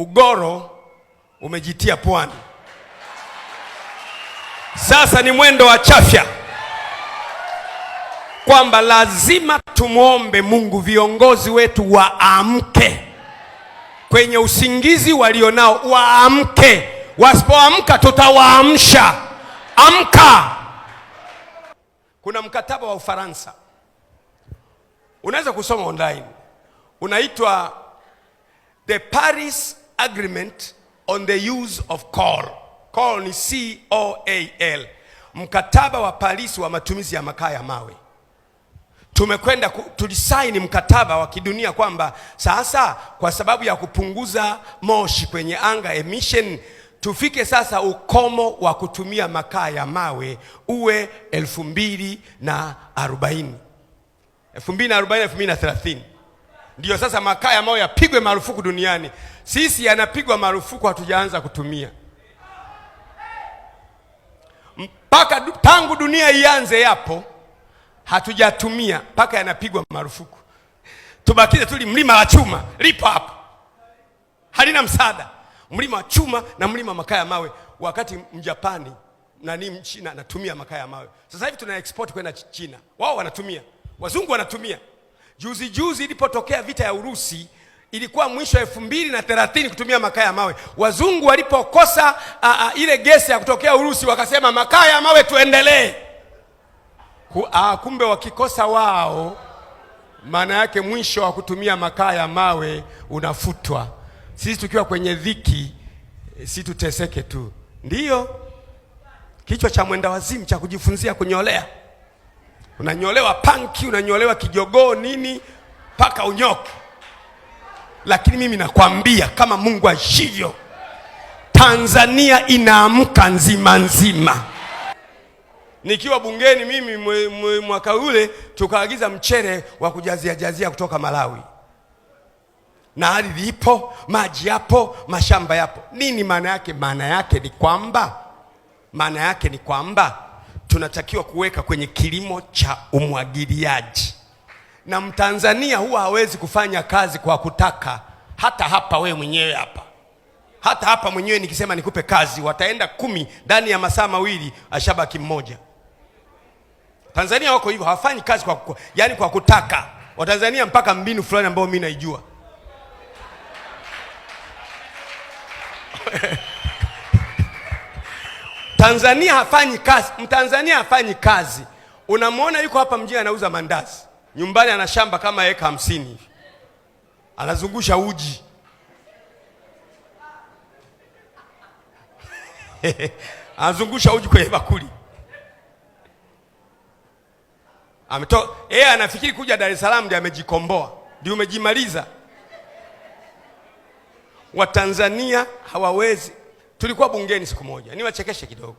Ugoro umejitia pwani, sasa ni mwendo wa chafya kwamba lazima tumwombe Mungu viongozi wetu waamke kwenye usingizi walionao, waamke. Wasipoamka tutawaamsha. Amka! Kuna mkataba wa Ufaransa unaweza kusoma online, unaitwa the Paris agreement on the use of coal. Coal ni C O A L. Mkataba wa Paris wa matumizi ya makaa ya mawe. Tumekwenda tulisaini mkataba wa kidunia kwamba sasa kwa sababu ya kupunguza moshi kwenye anga emission tufike sasa ukomo wa kutumia makaa ya mawe uwe elfu mbili na arobaini elfu mbili na arobaini elfu mbili na thelathini ndiyo sasa makaa ya mawe yapigwe marufuku duniani. Sisi yanapigwa marufuku, hatujaanza kutumia mpaka tangu dunia ianze, yapo hatujatumia mpaka yanapigwa marufuku. Tubakize tuli mlima wa chuma, lipo hapo, halina msaada, mlima wa chuma na mlima makaa ya mawe, wakati mjapani nani mchina anatumia makaa ya mawe. Sasa hivi tuna export kwenda China, wao wanatumia, wazungu wanatumia Juzi juzi ilipotokea vita ya Urusi ilikuwa mwisho wa elfu mbili na thelathini kutumia makaa ya mawe. Wazungu walipokosa ile gesi ya kutokea Urusi wakasema makaa ya mawe tuendelee. Kumbe wakikosa wao, maana yake mwisho wa kutumia makaa ya mawe unafutwa. Sisi tukiwa kwenye dhiki, eh, si tuteseke tu? Ndiyo kichwa cha mwenda wazimu cha kujifunzia kunyolea unanyolewa panki, unanyolewa kijogoo nini mpaka unyoke. Lakini mimi nakwambia kama Mungu aishivyo, Tanzania inaamka nzima nzima. Nikiwa bungeni mimi mwaka ule tukaagiza mchere wa kujazia jazia kutoka Malawi, na ardhi ipo, maji yapo, mashamba yapo. Nini maana yake? Maana yake ni kwamba maana yake ni kwamba tunatakiwa kuweka kwenye kilimo cha umwagiliaji, na mtanzania huwa hawezi kufanya kazi kwa kutaka. Hata hapa we mwenyewe hapa, hata hapa mwenyewe nikisema nikupe kazi, wataenda kumi ndani ya masaa mawili, ashabaki mmoja. Tanzania wako hivyo, hawafanyi kazi kwa, kwa, yani kwa kutaka. Watanzania mpaka mbinu fulani ambayo mimi naijua Tanzania hafanyi kazi, Mtanzania hafanyi kazi. Unamwona yuko hapa mjini anauza mandazi, nyumbani ana shamba kama eka hamsini hivi, anazungusha uji anazungusha uji kwenye bakuli ameto Yeye anafikiri kuja Dar es Salaam ndio amejikomboa, ndio umejimaliza. Watanzania hawawezi Tulikuwa bungeni siku moja, niwachekeshe kidogo.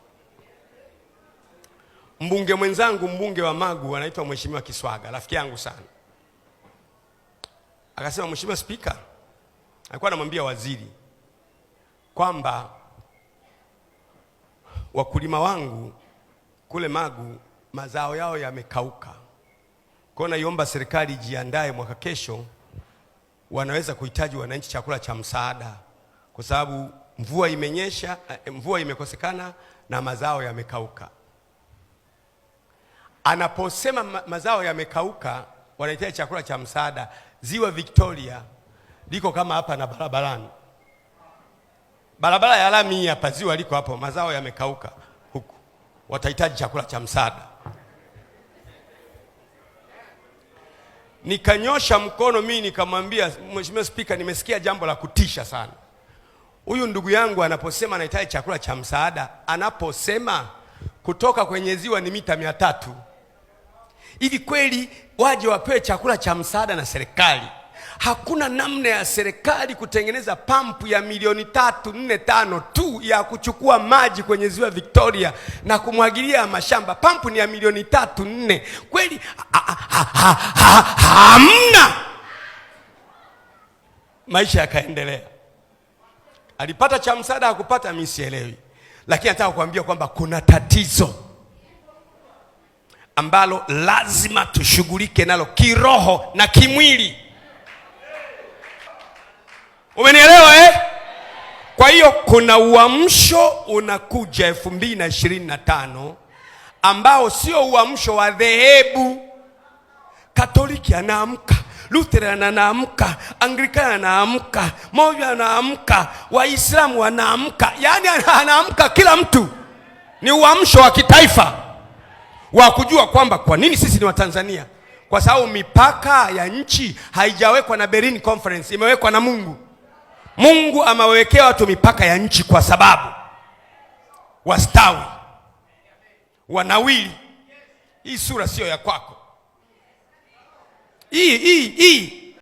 Mbunge mwenzangu, mbunge wa Magu, anaitwa Mheshimiwa Kiswaga, rafiki yangu sana, akasema, Mheshimiwa Spika, alikuwa anamwambia waziri kwamba wakulima wangu kule Magu mazao yao yamekauka, kwa hiyo naiomba serikali ijiandae, mwaka kesho wanaweza kuhitaji wananchi chakula cha msaada, kwa sababu mvua imenyesha, eh, eh, mvua imekosekana na mazao yamekauka. Anaposema mazao yamekauka, wanahitaji chakula cha msaada. Ziwa Victoria liko kama hapa na barabarani, barabara ya lami hapa, ziwa liko hapo, mazao yamekauka huku, watahitaji chakula cha msaada. Nikanyosha mkono mimi nikamwambia, Mheshimiwa Spika, nimesikia jambo la kutisha sana Huyu ndugu yangu anaposema anahitaji chakula cha msaada, anaposema kutoka kwenye ziwa ni mita mia tatu, hivi kweli waje wapewe chakula cha msaada na serikali? Hakuna namna ya serikali kutengeneza pampu ya milioni tatu nne tano tu ya kuchukua maji kwenye ziwa Victoria na kumwagilia mashamba. Pampu ni ya milioni tatu nne, kweli hamna. Maisha yakaendelea alipata cha msaada, akupata mimi sielewi, lakini nataka kukuambia kwamba kuna tatizo ambalo lazima tushughulike nalo kiroho na kimwili. Umenielewa eh? Kwa hiyo kuna uamsho unakuja elfu mbili na ishirini na tano ambao sio uamsho wa dhehebu Katoliki. Anaamka Lutheran anaamka, Anglikana anaamka, moja anaamka, Waislamu wanaamka, yaani anaamka kila mtu. Ni uamsho wa kitaifa wa kujua kwamba kwa nini sisi ni Watanzania, kwa sababu mipaka ya nchi haijawekwa na Berlin Conference, imewekwa na Mungu. Mungu amewekea watu mipaka ya nchi kwa sababu wastawi, wanawili. Hii sura siyo ya kwako. 咦咦咦！